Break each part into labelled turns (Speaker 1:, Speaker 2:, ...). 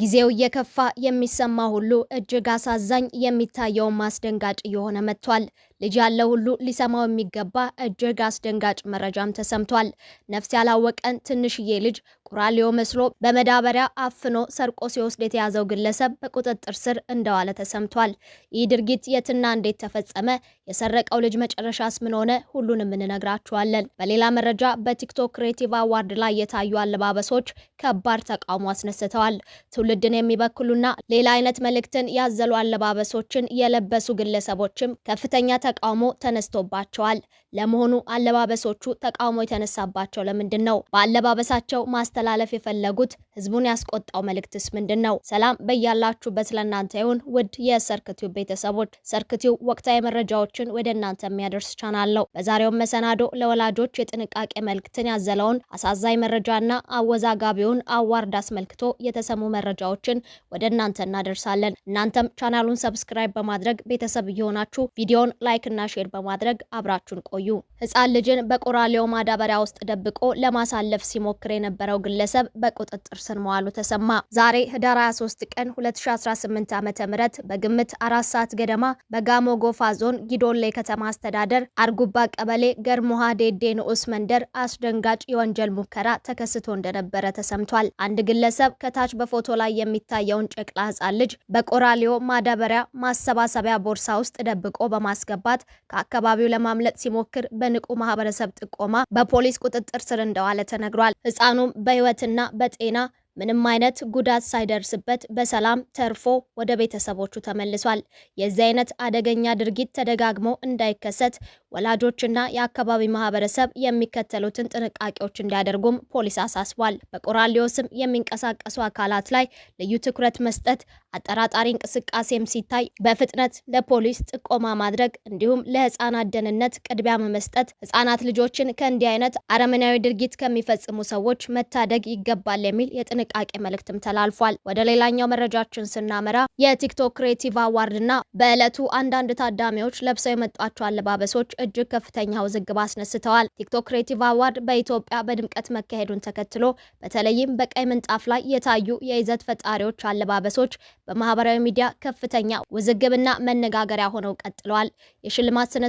Speaker 1: ጊዜው እየከፋ የሚሰማ ሁሉ እጅግ አሳዛኝ የሚታየው ማስደንጋጭ እየሆነ መጥቷል። ልጅ ያለው ሁሉ ሊሰማው የሚገባ እጅግ አስደንጋጭ መረጃም ተሰምቷል። ነፍስ ያላወቀን ትንሽዬ ልጅ ቁራሌዮ መስሎ በመዳበሪያ አፍኖ ሰርቆ ሲወስድ የተያዘው ግለሰብ በቁጥጥር ስር እንደዋለ ተሰምቷል። ይህ ድርጊት የትና እንዴት ተፈጸመ? የሰረቀው ልጅ መጨረሻስ ምን ሆነ? ሁሉንም እንነግራችኋለን። በሌላ መረጃ በቲክቶክ ክሬቲቭ አዋርድ ላይ የታዩ አለባበሶች ከባድ ተቃውሞ አስነስተዋል። ትውልድን የሚበክሉና ሌላ አይነት መልእክትን ያዘሉ አለባበሶችን የለበሱ ግለሰቦችም ከፍተኛ ተቃውሞ ተነስቶባቸዋል። ለመሆኑ አለባበሶቹ ተቃውሞ የተነሳባቸው ለምንድን ነው? በአለባበሳቸው ማስተላለፍ የፈለጉት ህዝቡን ያስቆጣው መልእክትስ ምንድን ነው? ሰላም በያላችሁበት ለእናንተ ይሁን ውድ የሰርክቲው ቤተሰቦች። ሰርክቲው ወቅታዊ መረጃዎችን ወደ እናንተ የሚያደርስ ቻናል ነው። በዛሬውም መሰናዶ ለወላጆች የጥንቃቄ መልእክትን ያዘለውን አሳዛኝ መረጃና አወዛጋቢውን አዋርድ አስመልክቶ የተሰሙ መረጃዎችን ወደ እናንተ እናደርሳለን። እናንተም ቻናሉን ሰብስክራይብ በማድረግ ቤተሰብ እየሆናችሁ ቪዲዮን ላይክ እና ሼር በማድረግ አብራችሁን ቆዩ። አሳዩ። ህፃን ልጅን በቆራሊዮ ማዳበሪያ ውስጥ ደብቆ ለማሳለፍ ሲሞክር የነበረው ግለሰብ በቁጥጥር ስር መዋሉ ተሰማ። ዛሬ ህዳር 23 ቀን 2018 ዓ.ም በግምት አራት ሰዓት ገደማ በጋሞ ጎፋ ዞን ጊዶሌ ከተማ አስተዳደር አርጉባ ቀበሌ ገርሙሃ ዴዴ ንዑስ መንደር አስደንጋጭ የወንጀል ሙከራ ተከስቶ እንደነበረ ተሰምቷል። አንድ ግለሰብ ከታች በፎቶ ላይ የሚታየውን ጨቅላ ህፃን ልጅ በቆራሊዮ ማዳበሪያ ማሰባሰቢያ ቦርሳ ውስጥ ደብቆ በማስገባት ከአካባቢው ለማምለጥ ሲሞክር ምስክር በንቁ ማህበረሰብ ጥቆማ በፖሊስ ቁጥጥር ስር እንደዋለ ተነግሯል። ህፃኑም በህይወትና በጤና ምንም አይነት ጉዳት ሳይደርስበት በሰላም ተርፎ ወደ ቤተሰቦቹ ተመልሷል። የዚህ አይነት አደገኛ ድርጊት ተደጋግሞ እንዳይከሰት ወላጆችና የአካባቢ ማህበረሰብ የሚከተሉትን ጥንቃቄዎች እንዲያደርጉም ፖሊስ አሳስቧል። በቆራሌዮ ስም የሚንቀሳቀሱ አካላት ላይ ልዩ ትኩረት መስጠት፣ አጠራጣሪ እንቅስቃሴም ሲታይ በፍጥነት ለፖሊስ ጥቆማ ማድረግ እንዲሁም ለህፃናት ደህንነት ቅድሚያ መስጠት ህፃናት ልጆችን ከእንዲህ አይነት አረመናዊ ድርጊት ከሚፈጽሙ ሰዎች መታደግ ይገባል የሚል የጥንቃ ጥንቃቄ መልእክትም ተላልፏል። ወደ ሌላኛው መረጃችን ስናመራ የቲክቶክ ክሬቲቭ አዋርድና በዕለቱ አንዳንድ ታዳሚዎች ለብሰው የመጧቸው አለባበሶች እጅግ ከፍተኛ ውዝግብ አስነስተዋል። ቲክቶክ ክሬቲቭ አዋርድ በኢትዮጵያ በድምቀት መካሄዱን ተከትሎ በተለይም በቀይ ምንጣፍ ላይ የታዩ የይዘት ፈጣሪዎች አለባበሶች በማህበራዊ ሚዲያ ከፍተኛ ውዝግብና መነጋገሪያ ሆነው ቀጥለዋል። የሽልማት ስነ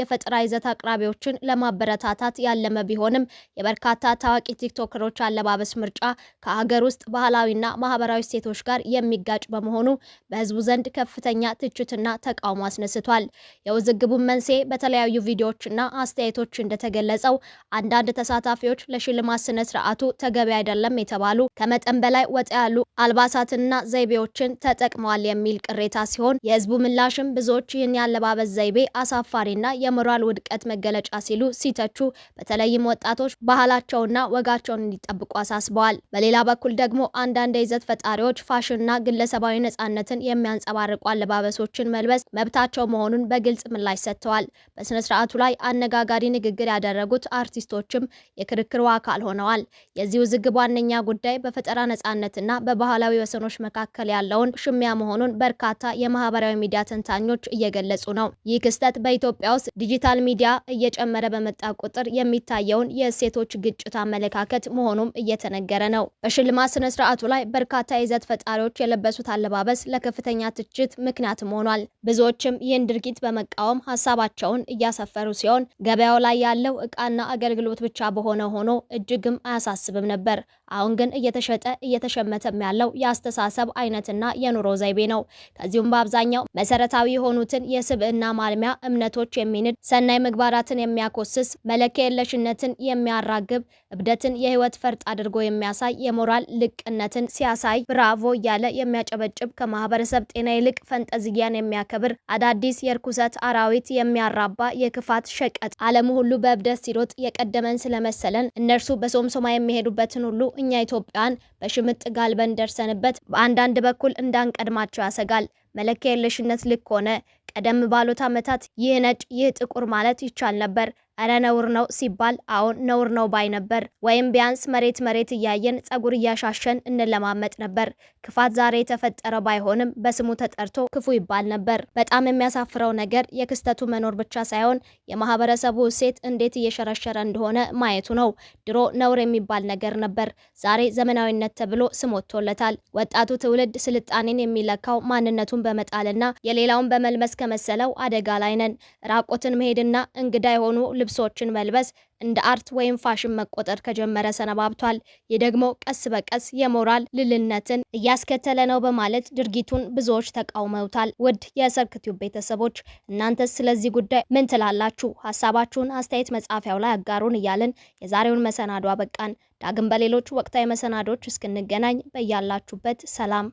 Speaker 1: የፈጠራ ይዘት አቅራቢዎችን ለማበረታታት ያለመ ቢሆንም የበርካታ ታዋቂ ቲክቶከሮች አለባበስ ምርጫ ከሀገር ሀገር ውስጥ ባህላዊና ማህበራዊ እሴቶች ጋር የሚጋጭ በመሆኑ በህዝቡ ዘንድ ከፍተኛ ትችትና ተቃውሞ አስነስቷል። የውዝግቡን መንስኤ በተለያዩ ቪዲዮዎችና አስተያየቶች እንደተገለጸው አንዳንድ ተሳታፊዎች ለሽልማት ስነ ስርዓቱ ተገቢ አይደለም የተባሉ ከመጠን በላይ ወጣ ያሉ አልባሳትና ዘይቤዎችን ተጠቅመዋል የሚል ቅሬታ ሲሆን የህዝቡ ምላሽም ብዙዎች ይህን ያለባበስ ዘይቤ አሳፋሪና የሞራል ውድቀት መገለጫ ሲሉ ሲተቹ፣ በተለይም ወጣቶች ባህላቸውና ወጋቸውን እንዲጠብቁ አሳስበዋል። በሌላ በኩል በኩል ደግሞ አንዳንድ የይዘት ፈጣሪዎች ፋሽንና ግለሰባዊ ነጻነትን የሚያንጸባርቁ አለባበሶችን መልበስ መብታቸው መሆኑን በግልጽ ምላሽ ሰጥተዋል። በስነ ስርዓቱ ላይ አነጋጋሪ ንግግር ያደረጉት አርቲስቶችም የክርክሩ አካል ሆነዋል። የዚህ ውዝግብ ዋነኛ ጉዳይ በፈጠራ ነጻነትና በባህላዊ ወሰኖች መካከል ያለውን ሽሚያ መሆኑን በርካታ የማህበራዊ ሚዲያ ተንታኞች እየገለጹ ነው። ይህ ክስተት በኢትዮጵያ ውስጥ ዲጂታል ሚዲያ እየጨመረ በመጣ ቁጥር የሚታየውን የእሴቶች ግጭት አመለካከት መሆኑም እየተነገረ ነው። በሽልማ በሽልማት ስነ ስርዓቱ ላይ በርካታ የይዘት ፈጣሪዎች የለበሱት አለባበስ ለከፍተኛ ትችት ምክንያትም ሆኗል። ብዙዎችም ይህን ድርጊት በመቃወም ሀሳባቸውን እያሰፈሩ ሲሆን ገበያው ላይ ያለው እቃና አገልግሎት ብቻ በሆነ ሆኖ እጅግም አያሳስብም ነበር። አሁን ግን እየተሸጠ እየተሸመተም ያለው የአስተሳሰብ አይነትና የኑሮ ዘይቤ ነው። ከዚሁም በአብዛኛው መሰረታዊ የሆኑትን የስብዕና ማልሚያ እምነቶች የሚንድ ሰናይ ምግባራትን የሚያኮስስ መለኪያ የለሽነትን የሚያራግብ እብደትን የህይወት ፈርጥ አድርጎ የሚያሳይ የሞራል ልቅነትን ሲያሳይ ብራቮ እያለ የሚያጨበጭብ ከማህበረሰብ ጤና ይልቅ ፈንጠዝያን የሚያከብር አዳዲስ የርኩሰት አራዊት የሚያራባ የክፋት ሸቀጥ አለሙ ሁሉ በእብደት ሲሮጥ የቀደመን ስለመሰለን እነርሱ በሶምሶማ የሚሄዱበትን ሁሉ እኛ ኢትዮጵያን በሽምጥ ጋልበን ደርሰንበት በአንዳንድ በኩል እንዳንቀድማቸው ያሰጋል። መለኪያ የለሽነት ልክ ሆነ። ቀደም ባሉት ዓመታት ይህ ነጭ ይህ ጥቁር ማለት ይቻል ነበር። እረ ነውር ነው ሲባል አሁን ነውር ነው ባይ ነበር። ወይም ቢያንስ መሬት መሬት እያየን ጸጉር እያሻሸን እንለማመጥ ነበር። ክፋት ዛሬ የተፈጠረ ባይሆንም በስሙ ተጠርቶ ክፉ ይባል ነበር። በጣም የሚያሳፍረው ነገር የክስተቱ መኖር ብቻ ሳይሆን የማህበረሰቡ እሴት እንዴት እየሸረሸረ እንደሆነ ማየቱ ነው። ድሮ ነውር የሚባል ነገር ነበር፣ ዛሬ ዘመናዊነት ተብሎ ስም ወጥቶለታል። ወጣቱ ትውልድ ስልጣኔን የሚለካው ማንነቱን በመጣልና የሌላውን በመልመስ ከመሰለው አደጋ ላይ ነን። ራቆትን መሄድና እንግዳ የሆኑ ልብሶችን መልበስ እንደ አርት ወይም ፋሽን መቆጠር ከጀመረ ሰነባብቷል። ይህ ደግሞ ቀስ በቀስ የሞራል ልልነትን እያስከተለ ነው በማለት ድርጊቱን ብዙዎች ተቃውመውታል። ውድ የሰርክ ቲዩብ ቤተሰቦች እናንተስ ስለዚህ ጉዳይ ምን ትላላችሁ? ሀሳባችሁን አስተያየት መጻፊያው ላይ አጋሩን እያልን የዛሬውን መሰናዶ አበቃን። ዳግም በሌሎች ወቅታዊ መሰናዶች እስክንገናኝ በያላችሁበት ሰላም